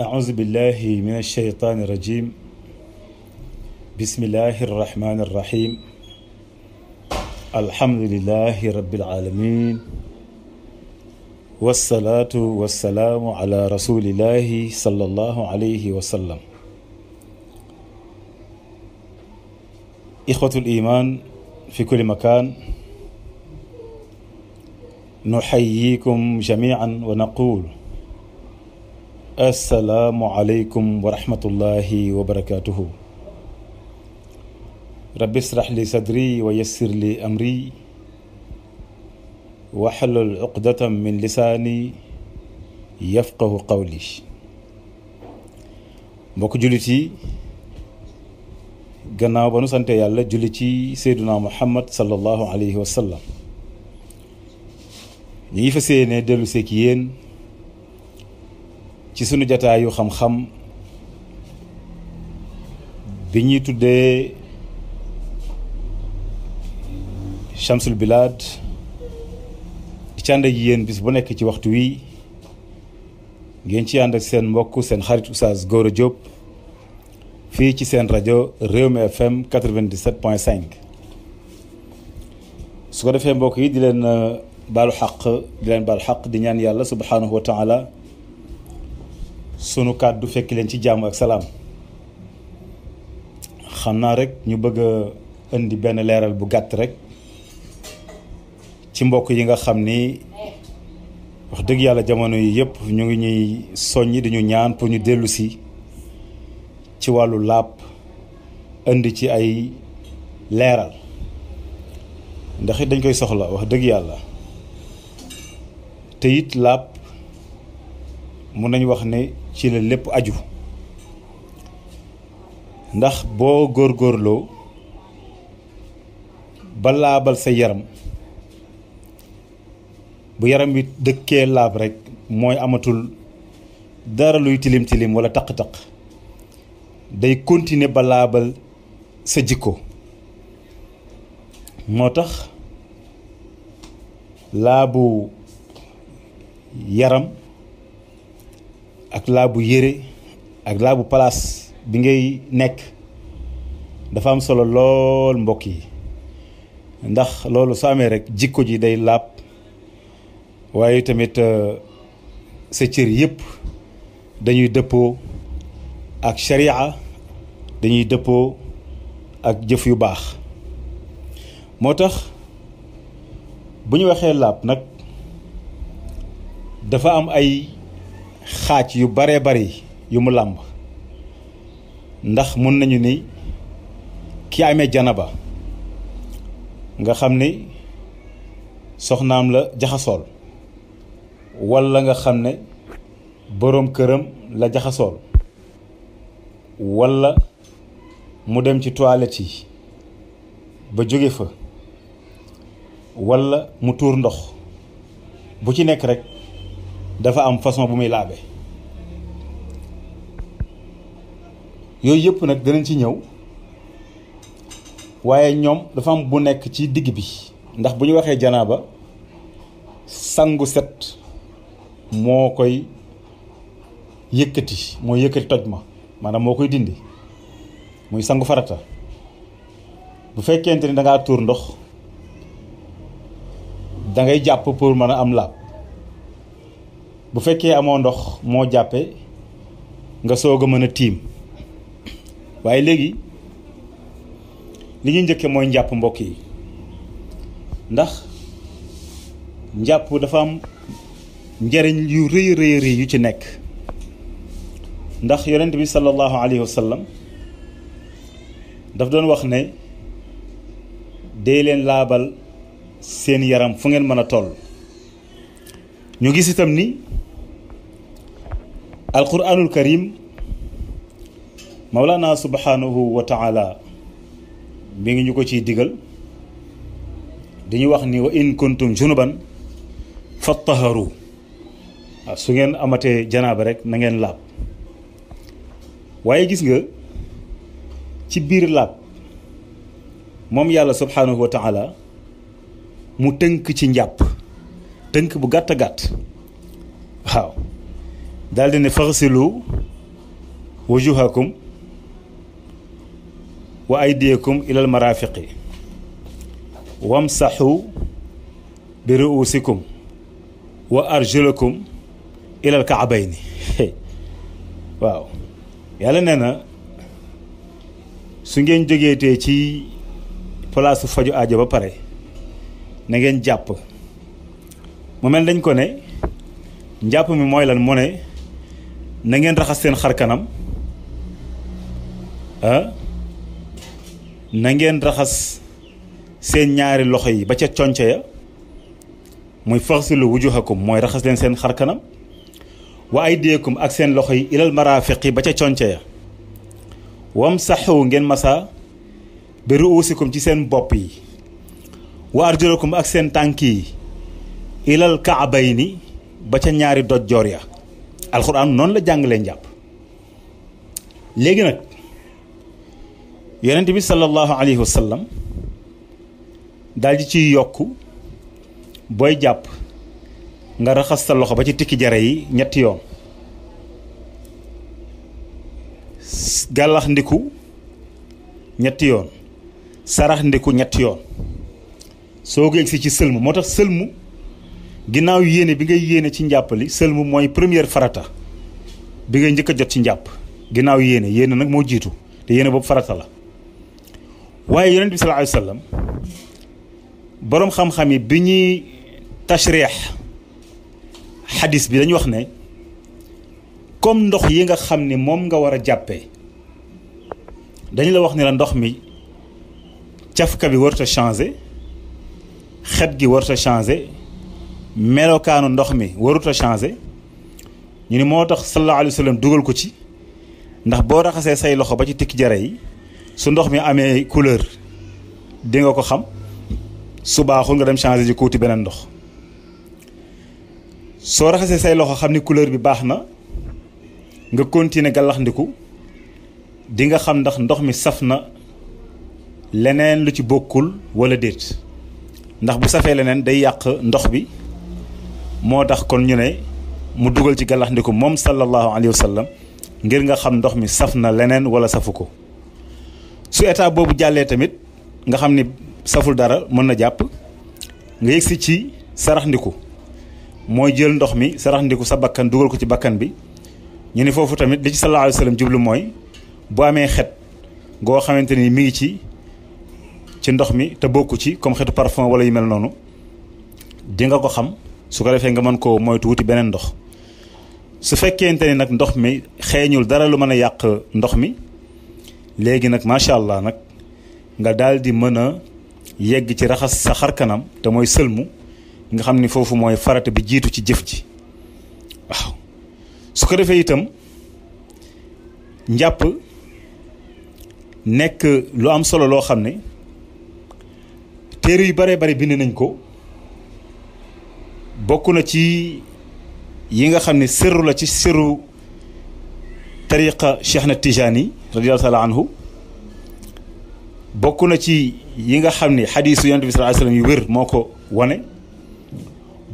أعوذ بالله من الشيطان الرجيم بسم الله الرحمن الرحيم الحمد لله رب العالمين والصلاة والسلام على رسول الله صلى الله عليه وسلم إخوة الإيمان في كل مكان نحييكم جميعا ونقول asalaamualeykum wa rahmatullahi wa barakaatuhu rabbi israh li sadri wa yassir li amri waxlul uqdatam min lisaani yafqahu qawli mbokk jullit yi gannaaw ba nu sante yàlla julli ci seyduna muhammad sallallahu alayhi wa sallam ñu ngi fas yéene dellu seek yéen ci sunu jataayu xam-xam bi ñuy tuddee Shamsul Bilaad di ci ànd ak yéen bis bu nekk ci waxtu wi ngeen ci ànd ak seen mbokk seen xarit Oustaz Gora Diop fii ci seen rajo Rewmi FM 97.5 su ko defee mbokk yi di leen euh, baalu xaq di leen baalu xaq di ñaan yàlla subhaanahu wa taala sunu kàddu fekk leen ci jàmm ak salaam xam naa rek ñu bëgg indi benn leeral bu gàtt rek ci mbokk yi nga xam ni wax dëgg yàlla jamono yi yëpp ñu ngi ñuy soññ di ñu ñaan pour ñu dellusi ci wàllu làpp indi ci ay leeral ndax dañ koy soxla wax dëgg yàlla te it làpp mun nañu wax ni ci la lépp aju ndax boo góor góorloo balaabal sa yaram bu yaram wi dëkkee laab rekk mooy amatul dara luy tilim tilim walla taq-taq day continuer balaabal laabal sa jikko moo tax laabu yaram ak laabu yére ak laabu place bi ngay nekk dafa am solo lool mbokk yi ndax loolu su amee rek jikko ji day laab waaye tamit euh, sa cër yëpp dañuy dëppoo ak sharia dañuy dëppoo ak jëf yu baax moo tax bu ñu waxee laab nag dafa am ay xaaj yu baree bari yu mu làmb ndax mun nañu ni ki amee ba nga xam ni soxnaam la jaxasool walla nga xam ne boroom këram la jaxasool walla mu dem ci toilette yi ba jóge fa walla mu tuur ndox bu ci nekk rekk dafa am façon bu muy laabe yooyu yëpp nag danañ ci ñëw waaye ñoom dafa am bu nekk ci digg bi ndax bu ñu waxee janaa ba sangu set moo koy yëkkati moo yëkkati toj ma maanaam moo koy dindi muy sangu farata bu fekkente ni dangaa tuur ndox dangay jàpp pour mën a am laab bu fekkee amoo ndox moo jàppe nga soog a mën a tiim waaye léegi li ñu njëkke mooy njàpp mbokk yi ndax njàpp dafa am njariñ yu rëy rëy rëy yu ci nekk ndax yonent bi sallallahu alayhi wa sallam daf doon wax ne dee leen laabal seen yaram fu ngeen mën a toll ñu gis itam ni alquranul karim mawlana subhanahu wa taala mi ngi ñu ko ciy digal dañuy wax ni wa in kuntum junuban fattaharu waaw su ngeen amatee janaaba rek nangeen ngeen waaye gis nga ci biir laab moom yàlla subhanahu wa taala mu tënk ci njàpp tënk bu gàtt gàtt waaw daal di ne faxsilu wujuhakum wa aydiyakum ilal marafiqi wamsaxu bi ruusikum wa arjulakum ilal kaabayni waaw yàlla nee na su ngeen jógeetee ci palaasu faju aajo ba pare na ngeen jàpp mu mel dañ ko ne jàpp mi mooy lan mu ne nangeen raxas seen xarkanam kanam ah, na ngeen raxas seen ñaari loxo yi ba ca conco ya muy faxsilu wujuhakum mooy raxas leen seen xarkanam kanam wa aydiyakum ak seen loxo yi ilal maraafiqi ba ca conco ya wamsaxu ngeen masa bi ruusikum ci seen bopp yi wa arjulakum ak seen tànk yi ilal ni ba ca ñaari doj ya alxuraan noonu la jàngalee njàpp léegi nag yonent bi sallallahu alayhi wa sallam daal ciy yokk booy jàpp nga raxas sa loxo ba ci tikki jare yi ñetti yoon gàllax ñetti yoon sarax ñetti yoon soo ko egsi ci sëlmu moo tax sëlmu ginnaaw yéene bi ngay yéene ci njàppali sëlmu mooy première farata bi ngay njëkk jot ci njàpp ginnaaw yéene yéene nag moo jiitu te yéene boobu farata la waaye yonent bi sallallahu alayhi wasallam boroom xam-xam yi bi ñuy tashreex xadis bi dañu wax ne comme ndox yi nga xam ni moom nga war a jàppee dañu la wax ne la ndox mi cafka bi warut a changé xet gi warut a changé melokaanu ndox mi waruta a changé ñu ni moo tax sallallahu alayhi wa dugal ko ci ndax boo raxasee say loxo ba ci tikki jare yi su ndox mi amee couleur dinga ko xam su baaxul nga dem changé ji kuuti beneen ndox soo raxasee say loxo xam ni couleur bi baax na nga continuer gàllaxndiku dinga xam ndax ndox mi saf na leneen lu ci bokkul wala déet ndax bu safee leneen day yàq ndox bi moo tax kon ñu ne mu dugal ci galax moom sallallahu alayhi wa sallam ngir nga xam ndox mi saf na leneen wala safu ko su état boobu jàllee tamit nga xam ni saful dara mën na jàpp nga yëgsi ci saraxndiku mooy jël ndox mi sarax sa bakkan dugal ko ci bakkan bi ñu ne foofu tamit li ci sallallahu alayhi jublu mooy boo amee xet goo xamante ni mi ngi ci ci ndox mi te bokk ci comme xetu parfum wala yu mel noonu dinga ko xam su ko defee nga mën koo moytu wuti beneen ndox su fekkente ni nag ndox mi xeeñul dara lu mën a yàq ndox mi léegi nag macha allah nag nga daal di mën a yegg ci raxas sa xar kanam te mooy sëlmu nga xam ni foofu mooy farata bi jiitu ci jëf ji waaw su ko defee itam njàpp nekk lu am solo loo xam ne téere yu bare bari bind nañ ko bokk na ci yi nga xam ne sirru la ci sirru tariqa Cheikh na Tijaani radiyallahu taala anhu bokk na ci yi nga xam ni xadiisu yonent bi sallallahu alayhi wasallam yu wér moo ko wane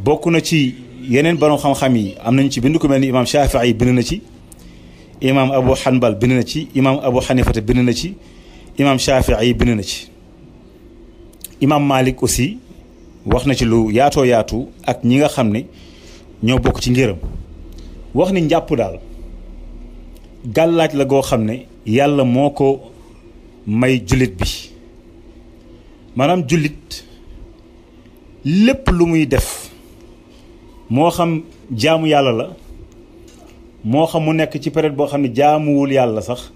bokk na ci yeneen borom xam-xam yi am nañu ci bind ku mel ni imaam Shafii bind na ci imaam Abu Hanbal na ci imaam Abu Hanifata na ci imaam Shafii bind na ci imaam Malik aussi wax na ci lu yaatoo yaatu ak ñi nga xam ne ñoo bokk ci ngëram wax ni njàpp daal gàllaaj la goo xam ne yàlla moo ko may jullit bi maanaam jullit lépp lu muy def moo xam jaamu yàlla la moo mu nekk ci période boo xam ne jaamuwul yàlla sax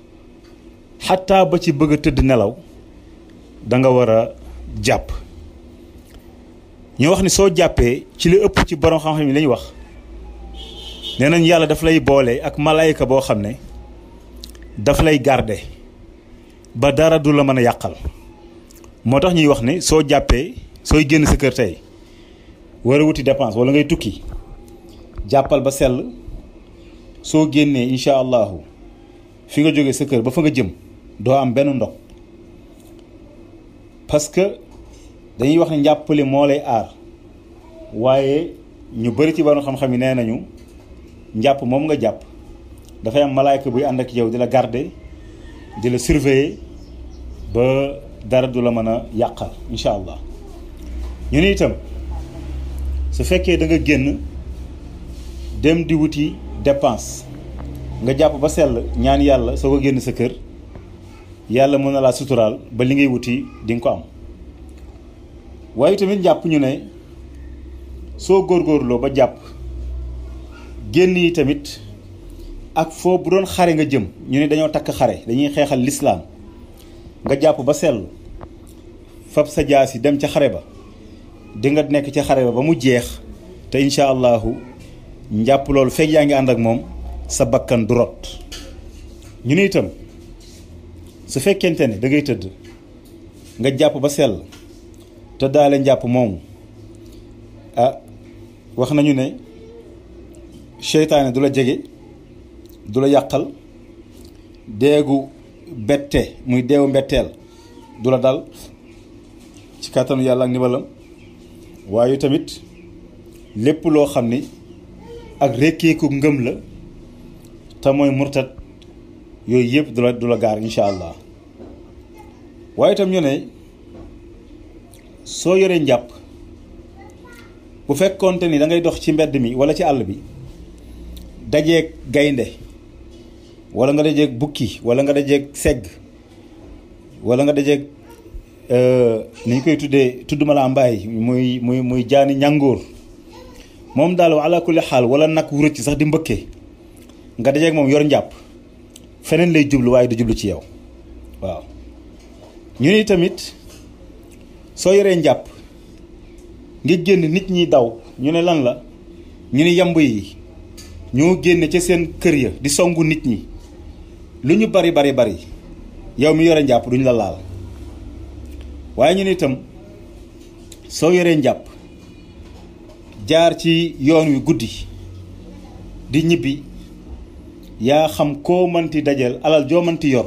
xataa ba ci bëgg a tëdd nelaw da nga war a jàpp ñu wax ni soo jàppee ci li ëpp ci borom xam-xam yi la ñu wax nee nañ yàlla daf lay boole ak malaayika boo xam ne daf lay garde ba dara du la mën a yàqal moo tax ñuy wax ne soo jàppee sooy génn sa kër tey war a wuti dépense wala ngay tukki jàppal ba sell soo génnee incha allahu fi nga jógee sa kër ba fa nga jëm doo am benn ndox dañuy wax ne njàppale moo lay aar waaye ñu bëri ci borom xam-xam yi nee nañu njàpp moom nga jàpp dafay am malaayka buy ànd ak yow di la garder di la surveiller ba dara du la mën a yàqal incha allah ñu ni itam su fekkee da nga génn dem di wuti dépense nga jàpp ba sell ñaan yàlla soo ko génn sa kër yàlla mën na laa suturaal ba li ngay wuti di nga ko am waaye tamit jàpp ñu ne soo góor góorloo ba jàpp génn yi tamit ak foo bu doon xare nga jëm ñu ne dañoo takk xare dañuy xeexal lislaam nga jàpp ba sell fab sa jaas yi dem ca xare ba di nekk ca xare ba ba mu jeex te incha allahu njàpp loolu fekk yaa ngi ànd ak moom sa bakkan du rot ñu ne itam su fekkente ne dangay tëdd nga jàpp ba sell te daale njàpp moomu ah wax nañu ne seytaane du la jege du la yàqal deegu bette muy deewu mbetteel du la dal ci kàttanu yàlla ak nibalam waaye tamit lépp loo xam ni ak rekkeeku ngëm la te mooy murtat yooyu yëpp du la du la gaar incha allah waaye itam ñu ne soo yoree njàpp bu fekkoonte ni dangay dox ci mbedd mi wala ci àll bi dajeek gaynde wala nga dajeeg bukki wala nga dajeeg segg wala nga dajeeg euh, ni ñu koy tuddee tudd ma laa mbaay muy muy muy jaani ñàngoor moom daal ala kulli xaal wala nag wu rëcc sax di mbëkke nga dajeeg moom yor njàpp feneen lay jublu waaye du jublu ci yow waaw ñu ni tamit soo yoree njàpp ngi génn nit ñi daw ñu ne lan la ñu ne yamb yi ñoo génne ca seen kër ya di songu nit ñi lu ñu bari bari bari yow mi yore njàpp duñu la laal waaye ñu ne itam soo yoree njàpp jaar ci yoon wi guddi di ñibbi yaa xam koo mënti dajal alal joo manti yor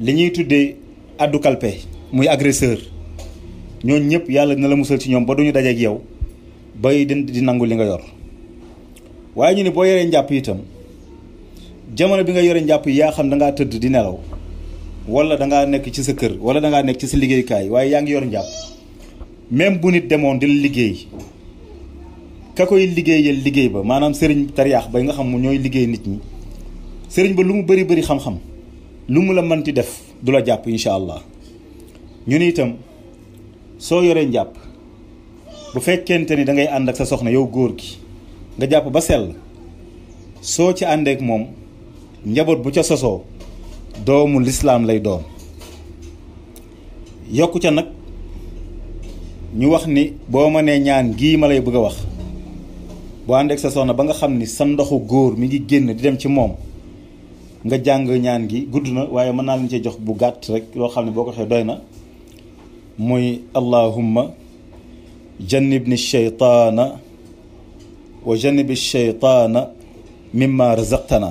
li ñuy tuddee addu kalpe muy agresseur ñooñu ñëpp yàlla dina la musal ci ñoom ba duñu dajeeg yow bay di di nangu li nga yor waaye ñu ne boo yoree njàpp itam jamono bi nga yore njàpp yi yaa xam da ngaa tëdd di nelaw wala da nekk ci sa kër wala da nekk ci sa liggéeykaay waaye yaa ngi yor njàpp même bu nit demoon di la liggéey ka koy liggéeyal liggéey ba maanaam sëriñ tariyaax ba nga xam mu ñooy liggéey nit ñi sëriñ ba lu mu bari bëri xam-xam lu mu la mënti def du la jàpp incha allah ñu ni itam soo yoree njàpp bu fekkente ni dangay ngay ànd ak sa soxna yow góor gi nga jàpp ba sell soo ci àndeek moom njaboot bu ca sosoo doomu lislaam lay doom yokk ca nag ñu wax ni boo ma nee ñaan gii ma lay bëgg a wax boo àndeek sa soxna ba nga xam ni sa ndoxu góor mi ngi génn di dem ci moom nga jàng ñaan gi gudd na waaye mën naa leen cee jox bu gàtt rek loo xam ne boo ko xee doy na muy allahumma jannibni shaytaana wa jannibi shaytaana mimma razaqtana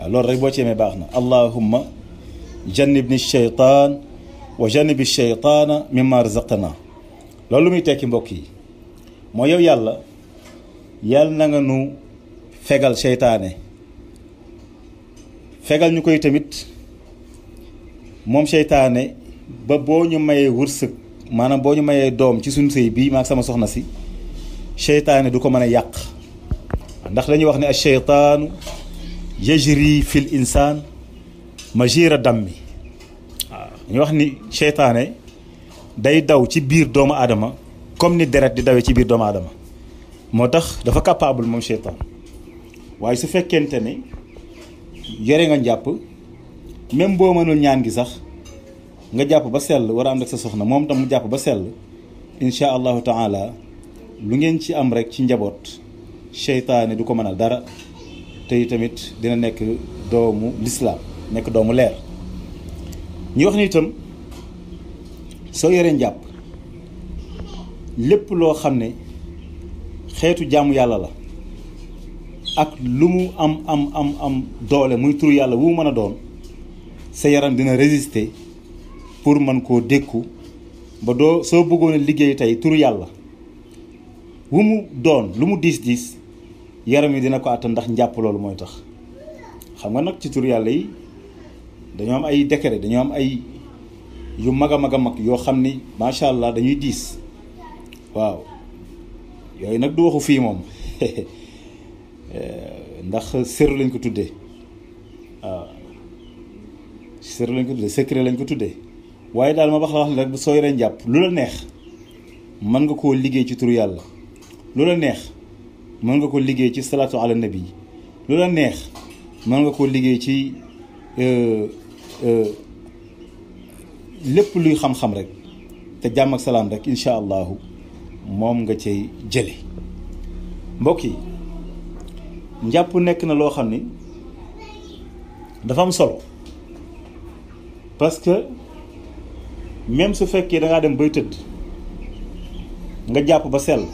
waaw loolu rek boo ci baax na allahumma jannibni shaytaan wa jannibi shaytaana mimma razaqtana loolu lu muy tekki mbokk yi moo yow yàlla yàlla na nga nu fegal seytaane fegal ñu koy tamit moom seytaane ba boo ñu mayee wërsëg maanaam boo ñu mayee doom ci suñu sëy bii maag sama soxna si seytaane du ko mën a yàq ndax dañuy wax ne ak seytaanu yajri fil insaan majira dammi waaw dañuy wax ni seytaane day daw ci biir doomu aadama comme ni deret di dawee ci biir doomu aadama moo tax dafa capable moom seytaan waaye su fekkente ne yore nga njàpp même boo mënul ñaan gi sax nga jàpp ba sell war a ànd ak sa soxna moom tam mu jàpp ba sell incha allahu taala lu ngeen ci am rek ci njaboot seytaane du ko mënal dara tey tamit dina nekk doomu lislaam nekk doomu leer ñu wax ni itam soo yoree njàpp lépp loo xam ne xeetu jàmm yàlla la ak lu mu am am am am doole muy tur yàlla wu mën a doon sa yaram dina résister pour mën koo dékku ba doo soo bëggoon liggéey tey turu yàlla wu mu doon lu mu diis diis yaram yi dina ko àttan ndax njàpp loolu mooy tax xam nga nag ci turu yàlla yi dañoo am ay décret dañoo am ay yu mag a mag a mag yoo xam ni macha allah dañuy diis waaw yooyu nag du waxu fii moom ndax sër lañ ko tuddee waaw sër lañ ko tuddee secret lañ ko tuddee waaye daal ma wax la wax la rek bu soo yoree njàpp lu la neex mën nga koo liggéey ci turu yàlla neex mën nga ko liggéey ci salaatu ala nabi lu la neex mën nga koo liggéey ci euh, euh, lépp luy xam-xam rek te jàmm ak salaam rek incha allahu moom nga cay jële mbokk yi njàpp nekk na loo xam ni dafa am solo parce même su fekkee da dem bay tëdd nga jàpp ba sell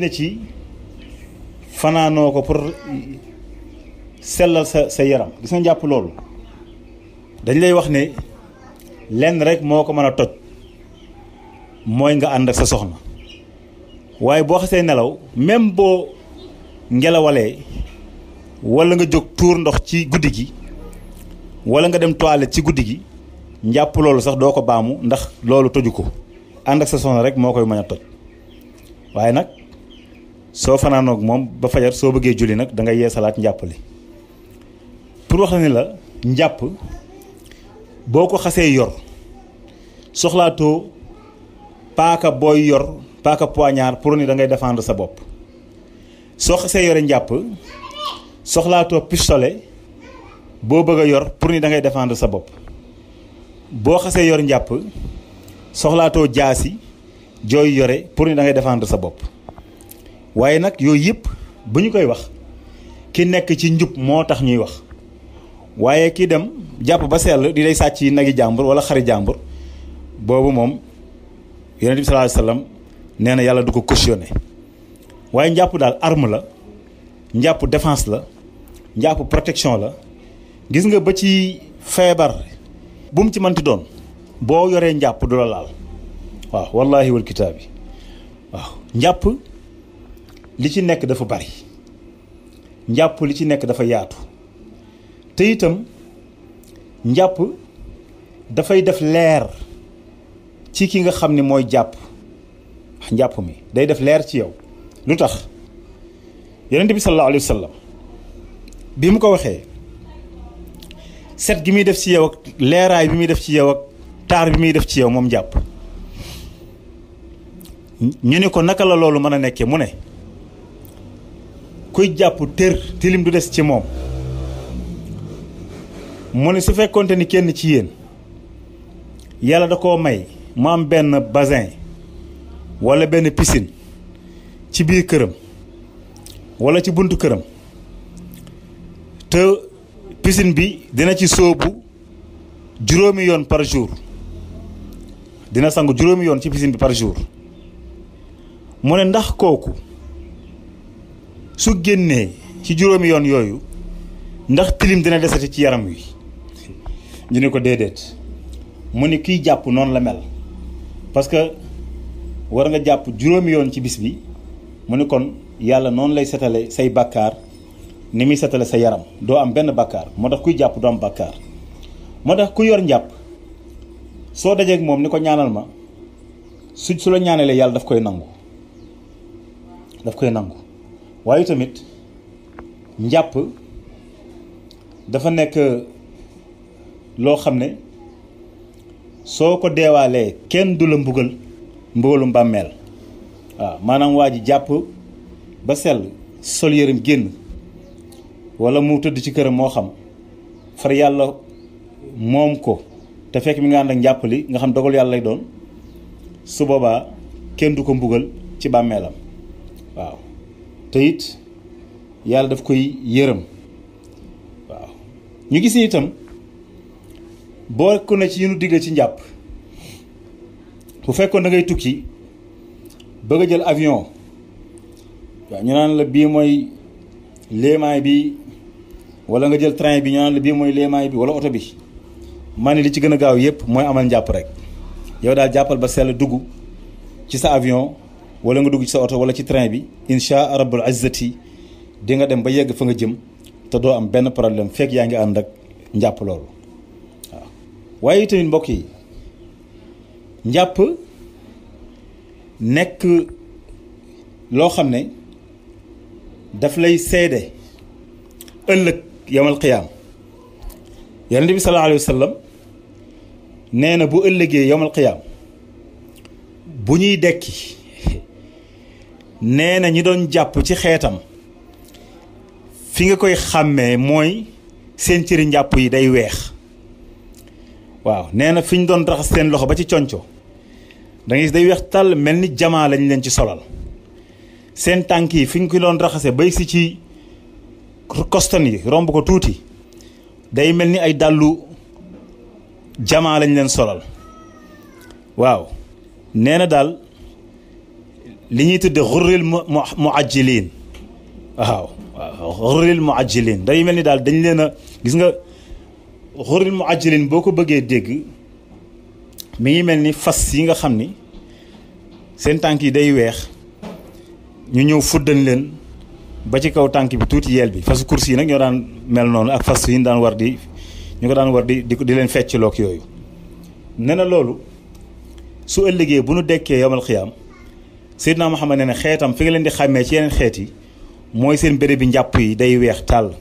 na ci fanaanoo ko pour sellal sa sa yaram gis nga jàpp loolu dañ lay wax ne lenn rek moo ko mën a toj mooy nga ànd ak sa soxna waaye boo xasee nelaw même boo ngelawalee wala nga jóg tuur ndox ci guddi gi wala nga dem toilette ci guddi gi njàpp loolu sax doo ko baamu ndax loolu toju ko ànd ak sa soxna rek moo koy mën a toj waaye nag soo fanaanoog moom ba fajar soo bëggee julli nag da ngay salaat njàpp li pour wax la ni la njàpp boo ko xasee yor soxlaatoo paaka booy yor paaka poignard pour ni da ngay défendre sa bopp soo xasee yore njàpp soxlaatoo pistolet boo bëgg a yor pour ni da ngay défendre sa bopp boo xasee yor njàpp soxlaatoo jaasi jooy yore pour ni da ngay sa bopp waaye nag yooyu yëpp bu ñu koy wax ki nekk ci njub moo tax ñuy wax waaye kii dem jàpp ba sell di day sàcc yi nagi jàmbur wala xari jàmbur boobu moom yonent bi sallallahu alayhi wasallam nee na yàlla du ko cautionné waaye njàpp daal arme la njàpp défense la njàpp protection la gis nga ba ci feebar bu mu ci manti doon boo yoree njàpp du la laal waaw wallaahi wal kitaab yi waaw njàpp li ci nekk dafa bari njàpp li ci nekk dafa yaatu te itam njàpp dafay def leer ci ki nga xam ni mooy jàpp njàpp mi day def leer ci yow lu tax yonent bi sallallahu alayhi wa bi mu ko waxee set gi muy def ci yow leeraay bi muy def ci yow ak taar bi muy def ci yow moom jàpp ñu ne ko naka la loolu mën a nekkee mu ne kuy jàpp tër tilim du des ci moom mu ne su fekkonte ni kenn ci yéen yàlla da koo may mu benn basin walla benn pisin ci biir këram walla ci buntu këram te piscine bi dina ci sóobu juróomi yoon par jour dina sangu juróomi yoon ci piscine bi par jour mu ne ndax kooku su génnee ci juróomi yoon yooyu ndax tilim dina desati ci yaram wi ñu ne ko déedéet mu ne kiy jàpp noonu la mel parce que war nga jàpp juróomi yoon ci bis bi mu ne kon yàlla noonu lay setale say bàkkaar ni muy setale sa yaram doo am benn bàkkaar moo tax kuy jàpp doo am bàkkaar moo tax ku yor njàpp soo dajeeg moom ni ko ñaanal ma su su la ñaanalee yàlla dafa koy nangu daf koy nangu waaye tamit njàpp dafa nekk loo xam ne soo ko deewaalee kenn du la mbugal mbugalu mbàmmeel waaw maanaam waa ji jàpp ba sell sol yëram génn wala mu tëdd ci këram moo xam far yàlla moom ko te fekk mi nga ànd ak njàppali nga xam dogal yàlla lay doon su boobaa kenn du ko mbugal ci bàmmeelam waaw te it yàlla daf koy yërëm waaw ñu gis itam bokk na ci yu nu digle ci njàpp bu fekkoon da ngay tukki bëgg a jël avion waaw ñu naan la bii mooy léemaay bi wala nga jël train bi ñu naan la bii mooy léemaay bi wala oto bi maa ne li ci gën a gaaw yëpp mooy amal njàpp rek yow daal jàppal ba sell dugg ci sa avion wala nga dugg ci sa oto wala ci train bi insha rabbul izzati di nga dem ba yegg fa nga jëm te doo am benn problème fekk yaa ngi ànd ak njàpp loolu waaw waaye tamit mbokk yi njàpp nekk loo xam ne daf lay seede ëllëg yawmal qiyaam yonent bi sallallahu alayhi wa sallam nee na bu ëllëgee yawmal qiyaam bu ñuy dekki nee na ñi doon jàpp ci xeetam fi nga koy xàmmee mooy seen cëri njàpp yi day weex waaw nee na fi ñu doon raxas seen loxo ba ci conco da ngay day weex tàll mel ni jamaa lañ leen ci solal seen tànk yi fi ñu ko doon raxase bay si ci kostan yi romb ko tuuti day mel ni ay dàllu jamaa lañ leen solal waaw nee na daal li ñuy tudde xurril muajjiliin waaw waaw xurril muajjiliin day mel ni daal dañ leen a gis nga xurril muajjiliin boo ko bëggee dégg mi ngi mel ni fas yi nga xam ni seen tànk yi day weex ñu ñëw fuddal leen ba ci kaw tànk bi tuuti yeel bi fasu kursi yi nag ñoo daan mel noonu ak fas yi ñu daan war di ñu ko daan war di di leen fecc look yooyu nee na loolu su ëllëgee bu nu dekkee yomal xiyaam Seydina Muhammad ne ne xeetam fi nga leen di xàmmee ci yeneen xeet yi mooy seen béréb bi njàpp yi day weex tàll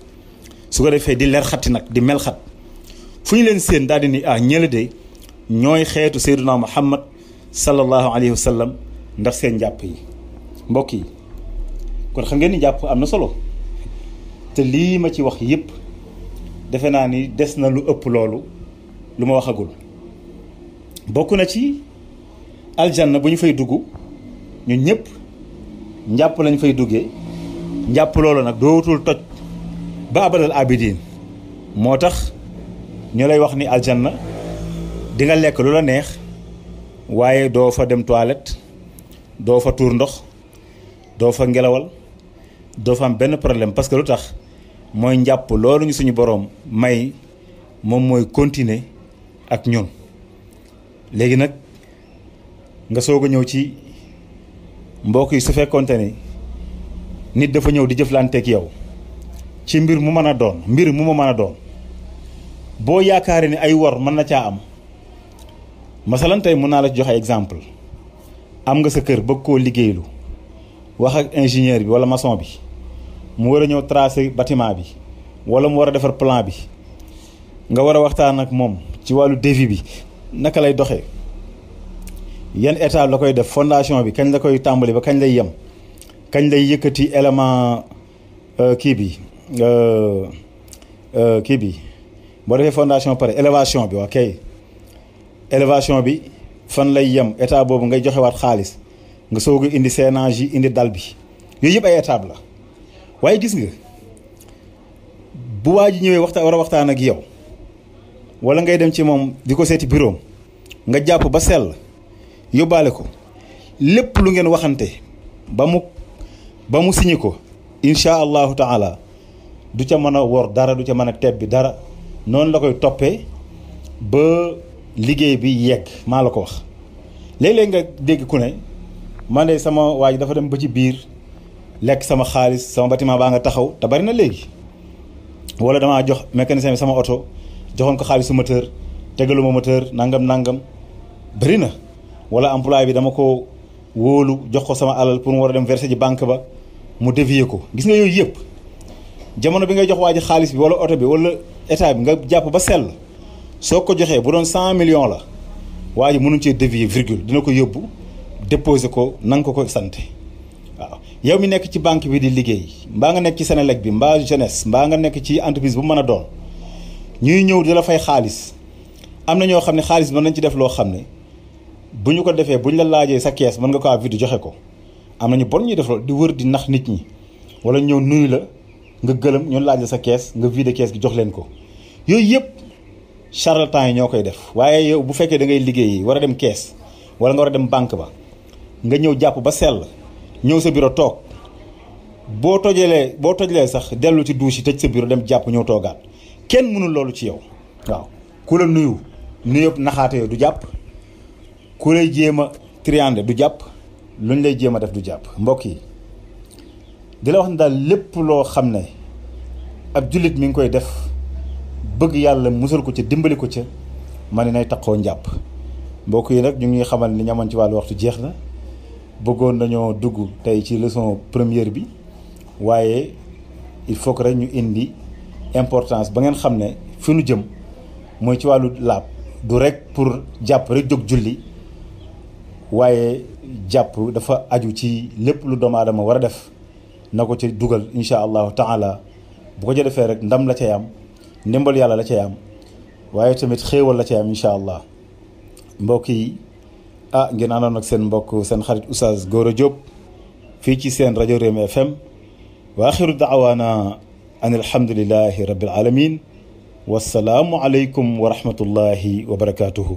su ko defee di leer xati nag di mel xat fu ñu leen séen daldi di ni ah ñëla de ñooy xeetu Seydina Muhammad sallallahu alayhi wa sallam ndax seen njàpp yi mbokk yi kon xam ngeen ni jàpp am na solo te lii ma ci wax yépp defe naa ni des na lu ëpp loolu lu ma waxagul bokk na ci aljanna bu ñu fay dugg ñun ñépp njàpp lañ fay duggee njàpp loolu nag dootul toj ba abadal abidin moo tax ñu lay wax ni aljanna dinga lekk lu la neex waaye doo fa dem toilette doo fa tuur ndox doo fa ngelawal doo fa am benn problème parce que lu tax mooy njàpp loolu suñu boroom may moom mooy continuer ak ñun léegi nag nga soog a ñëw ci mbokk yi su fekkonte ni nit dafa ñëw di jëflanteeg yow ci mbir mu mën a doon mbir mu ma mën a doon boo yaakaaree ni ay wor mën na caa am masalan tey mën naa la ci joxe exemple am nga sa kër bëgg koo liggéeylu wax ak ingénieur bi wala mason bi mu war a ñëw tracer batiment bi wala mu war a defar plan bi nga war a waxtaan ak moom ci wàllu devis bi naka lay doxee yan étape la koy def fondation bi kañ la koy tàmbali ba kañ lay yem kañ lay yëkkati élément euh, kii bi euh, euh, kii bi boo defee fondation pare élévation bi waa kay élévation bi fan lay yem état boobu ngay joxewaat xaalis nga soog a indi seenage yi indi dal bi yooyu yëpp ay étape la waaye gis nga bu waa ji ñëwee waxtaan war a waxtaan ak yow wala ngay dem ci moom di ko seeti bureau nga jàpp ba sell yóbbaale ko lépp lu ngeen waxante ba mu ba mu signé ko incha allahu taala du ca mën a wor dara du ca mën a teb bi dara noonu la koy toppee ba liggéey bi yegg maa la ko wax léeg-léeg nga dégg ku ne. man de sama waa dafa dem ba ci biir lekk sama xaalis sama bâtiment baa nga taxaw te bari na léegi wala damaa jox mécanicien bi sama oto joxoon ko xaalisu moteur tegaluma moteur nangam nangam bëri na wala employé bi dama ko wóolu jox ko sama alal pour mu war a dem verser ji banque ba mu dévier ko gis nga yooyu yëpp jamono bi ngay jox waa ji xaalis bi wala oto bi wala état bi nga jàpp ba sell soo ko joxee bu doon cent million la waa ji mënuñ cee dévier virgule dina ko yóbbu déposé ko na ko ko sant waaw yow mi nekk ci banque bi di liggéey mbaa nga nekk ci Senelec bi mbaa jeunesse mbaa nga nekk ci entreprise bu mën a doon ñuy ñëw di la fay xaalis am na ñoo xam ne xaalis mën nañ ci def loo xam ne bu ñu ko defee bu ñu la laajee sa kees mën nga ko vide joxe ko am na ñu bon ñuy def loolu di wër di nax nit ñi wala ñëw nuyu la nga gëlëm ñu laaj la sa kees nga vide kees gi jox leen ko yooyu yëpp charlatan yi ñoo koy def waaye yow bu fekkee da ngay liggéey war a dem kees wala nga dem banque ba. nga ñëw jàpp ba sell ñëw sa bureau toog boo tojalee boo tojalee sax dellu ci douche yi tëj sa biiro dem jàpp ñëw toogaat kenn mënul loolu ci yow waaw ku la nuyu nuyu yëpp naxaate du jàpp ku lay jéem a triande du jàpp luñ lay jéem a def du jàpp mbokk yi di wax ne daal lépp loo xam ne ab jullit mi ngi koy def bëgg yàlla musal ko ca dimbali ko ca man ne nay taqoo njàpp mbokk yi nag ñu ngi xamal ni ñamoon ci wàllu waxtu jeex na bëggoon nañoo dugg tey ci leçon première bi waaye il faut que rek ñu indi importance ba ngeen xam ne fi nu jëm mooy ci wàllu laab du rek pour jàpp rek jóg julli waaye jàpp dafa aju ci lépp lu doomu aadama war a def na ko ci dugal incha allahu taala bu ko ca defee rek ndam la cay am ndimbal yàlla la cay am waaye tamit xéewal la cay am incha allah mbokk yi ah ngeen àndoon ak seen mbokk seen xarit Oustaz Gora Diop fii ci seen rajo Rewmi FM wa axiru daawaana an alhamdulilahi rabbil alamin wasalaamu aleykum wa rahmatullahi wa barakaatuhu